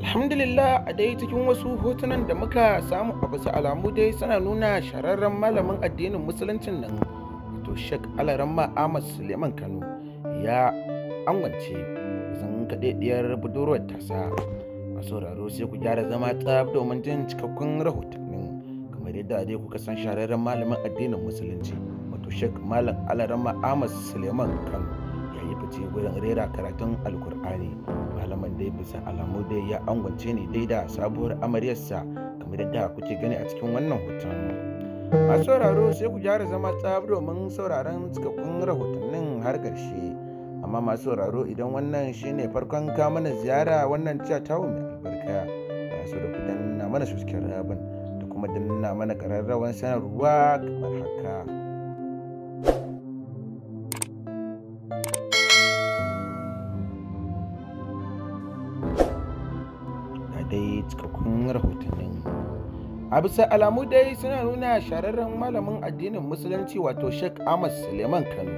alhamdulillah a dai cikin wasu hotunan da muka samu a bisa alamu dai suna nuna shararren malamin addinin musuluncin nan to shek alaramma ahmad suleiman kano ya angwance zan kaɗaɗɗiyar budurwar tasa a sauraro sai ku gyara zama tsab domin jin cikakkun rahotannin kamar yadda dai kuka san shararren malamin addinin musulunci wato shek malam alaramma ahmad suleiman kano ya yi fice wurin rera karatun alkur'ani Muhammad dai bisa alamu dai ya angwance ne dai da sabuwar amaryarsa kamar yadda kuke gani a cikin wannan hoton. Masu sauraro sai ku gyara zama tsab domin sauraron cikakkun rahotannin har ƙarshe. Amma masu sauraro idan wannan shine farkon ka mana ziyara wannan cewa tawo mai albarka. Ba su da ku danna mana subscribe da kuma danna mana ƙararrawan sanarwa kamar haka. a bisa alamu dai suna nuna shararren malamin addinin musulunci wato sheikh ahmad suleiman kano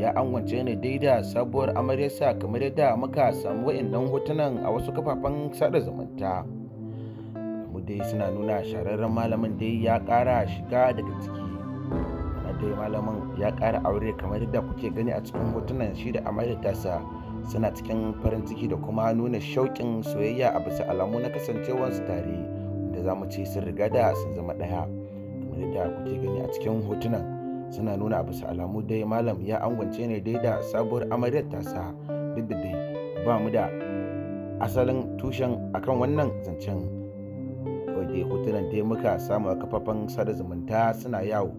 ya angwance ne dai da sabuwar amaryarsa kamar yadda muka samu wa'indan hotunan a wasu kafafen sada zumunta mu dai suna nuna shararren malamin dai ya kara shiga daga ciki na dai malamin ya kara aure kamar yadda kuke gani a cikin hotunan shi da amaryarsa suna cikin farin ciki da kuma nuna shauƙin soyayya a bisa alamu na kasancewarsu tare za mu ce sun riga da sun zama ɗaya kamar yadda kuke gani a cikin hotunan suna nuna a bisa alamu dai malam ya angwance ne dai da sabuwar amaryar tasa duk da dai ba mu da asalin tushen akan wannan zancen wadda hotunan dai muka samu a kafafen sada zumunta suna yawo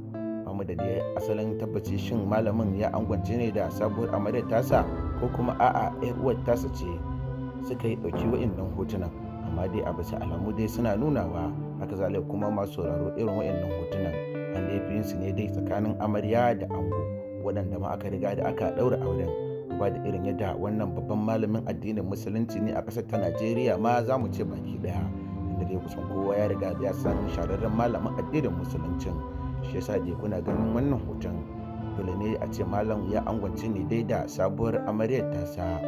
ba mu da dai asalin tabbaci shin malamin ya angwance ne da sabuwar amaryar tasa ko kuma a'a yar uwar tasa ce suka yi ɗauki waɗannan hotunan amma dai a bisa alamu dai suna nunawa haka zalai kuma masu sauraro irin waɗannan hotunan an laifin su ne dai tsakanin amarya da ango waɗanda ma aka riga da aka ɗaura auren duba da irin yadda wannan babban malamin addinin musulunci ne a ƙasar ta najeriya ma za mu ce baki ɗaya inda dai kusan kowa ya riga ya sami shahararren malamin addinin musulunci. shi yasa dai kuna ganin wannan hoton dole ne a ce malam ya angwance ne dai da sabuwar amaryar tasa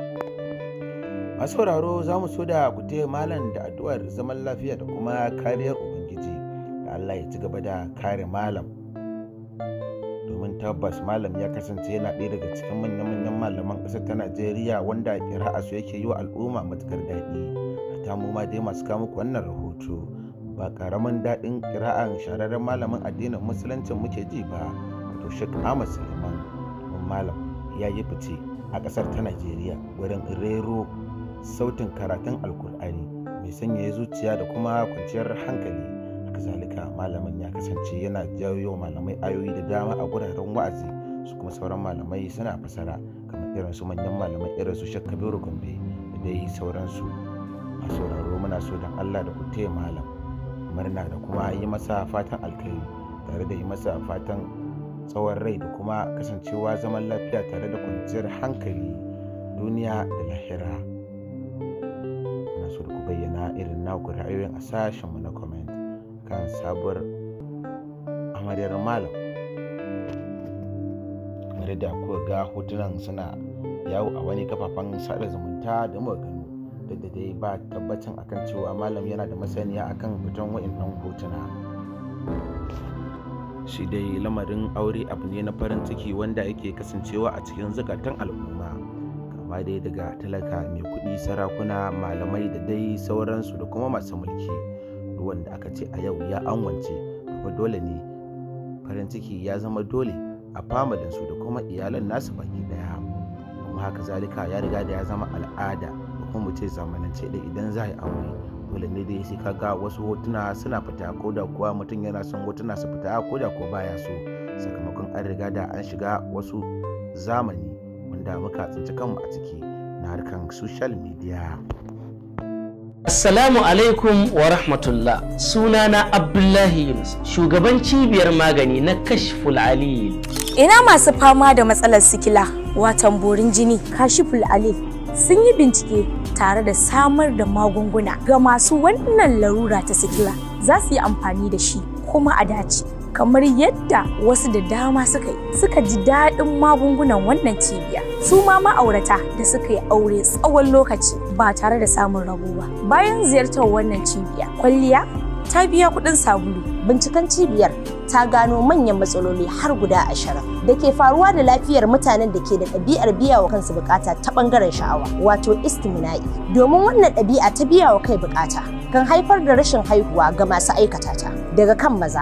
masu sauraro za mu so da ku taya malam da addu'ar zaman lafiya da kuma kariyar ubangiji da allah ya ci gaba da kare malam domin tabbas malam ya kasance yana ɗaya daga cikin manya-manyan malaman ƙasar ta najeriya wanda ƙira'a su yake yi wa al'umma matuƙar daɗi ta mu ma dai masu kawo muku wannan rahoto ba ƙaramin daɗin ƙira'an shahararren malamin addinin musulancin muke ji ba wato shek ahmad suleiman malam ya yi fice a ƙasar ta najeriya wurin rero sautin karatun alkur'ani mai sanyaya zuciya da kuma kwanciyar hankali haka zalika malamin ya kasance yana jawo malamai ayoyi da dama a guraren wa'azi su kuma sauran malamai suna fasara kamar irin su manyan malamai irin su shakka biro gombe da dai sauransu a sauraro muna so dan allah da ku taya malam murna da kuma yi masa fatan alkhairi tare da yi masa fatan tsawon rai da kuma kasancewa zaman lafiya tare da kwanciyar hankali duniya da lahira. su ku bayyana irin naku ra'ayoyin a sashenmu na comment kan sabuwar amaryar malam kamar yadda ku ga hotunan suna yawo a wani kafafen sada zumunta da muka gano duk da dai ba tabbacin akan cewa malam yana da masaniya akan fitan wa'annan hotuna shi dai lamarin aure abu ne na farin ciki wanda yake kasancewa a cikin zukatan al'umma amma dai daga talaka mai kuɗi sarakuna malamai da dai sauransu da kuma masu mulki ruwan da aka ce a yau ya anwance kuma dole ne farin ciki ya zama dole a su da kuma iyalan nasu baki daya kuma haka zalika ya riga da ya zama al'ada da kuma mu zamanance da idan za a yi aure dole ne dai sai ga wasu hotuna suna fita ko da kuwa mutum yana son hotuna su fita ko da kuwa baya so sakamakon an riga da an shiga wasu zamani da muka tsinci kanmu a ciki na harkan social media Assalamu alaikum wa rahmatullah sunana Abdullahi Yunus shugaban cibiyar magani na Kashful ali Ina masu fama da matsalar sikila watan borin jini Kashful Ali sun yi bincike tare da samar da magunguna ga masu wannan larura ta sikila za su yi amfani da shi kuma a dace. kamar yadda wasu da dama suka yi suka ji daɗin magungunan wannan cibiya su ma ma'aurata da suka yi aure tsawon lokaci ba tare da samun rabo ba bayan ziyartar wannan cibiya kwalliya ta biya kuɗin sabulu binciken cibiyar ta gano manyan matsaloli har guda ashirin da ke faruwa da lafiyar mutanen da ke da ɗabi'ar biya wa kansu bukata ta ɓangaren sha'awa wato istimina'i domin wannan ɗabi'a ta biya wa kai bukata kan haifar da rashin haihuwa ga masu aikata ta daga kan maza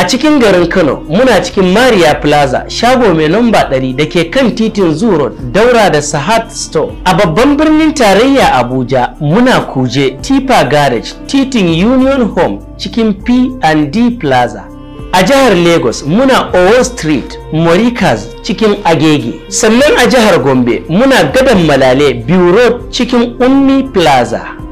a cikin garin kano muna cikin maria plaza shago mai lamba ɗari da ke kan titin zuro daura da sahat store a babban birnin tarayya abuja muna kuje tipa garage titin union home cikin p&d plaza a jihar lagos muna owo street morikas cikin agege sannan a jihar gombe muna gadon malale bureau cikin ummi plaza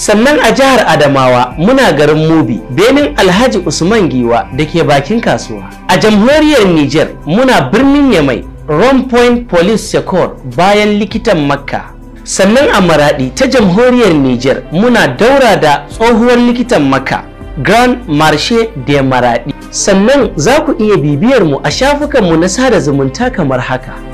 sannan a jihar adamawa muna garin mubi benin alhaji usman giwa da ke bakin kasuwa a jamhuriyar niger muna birnin yamai Ron Point Police Secor bayan likitan Makka. Sannan a Maraɗi ta jamhuriyar Nijar muna daura da tsohuwar likitan Makka Grand Marche de Maraɗi. Sannan za ku iya bibiyar mu a shafukanmu na sada zumunta kamar haka.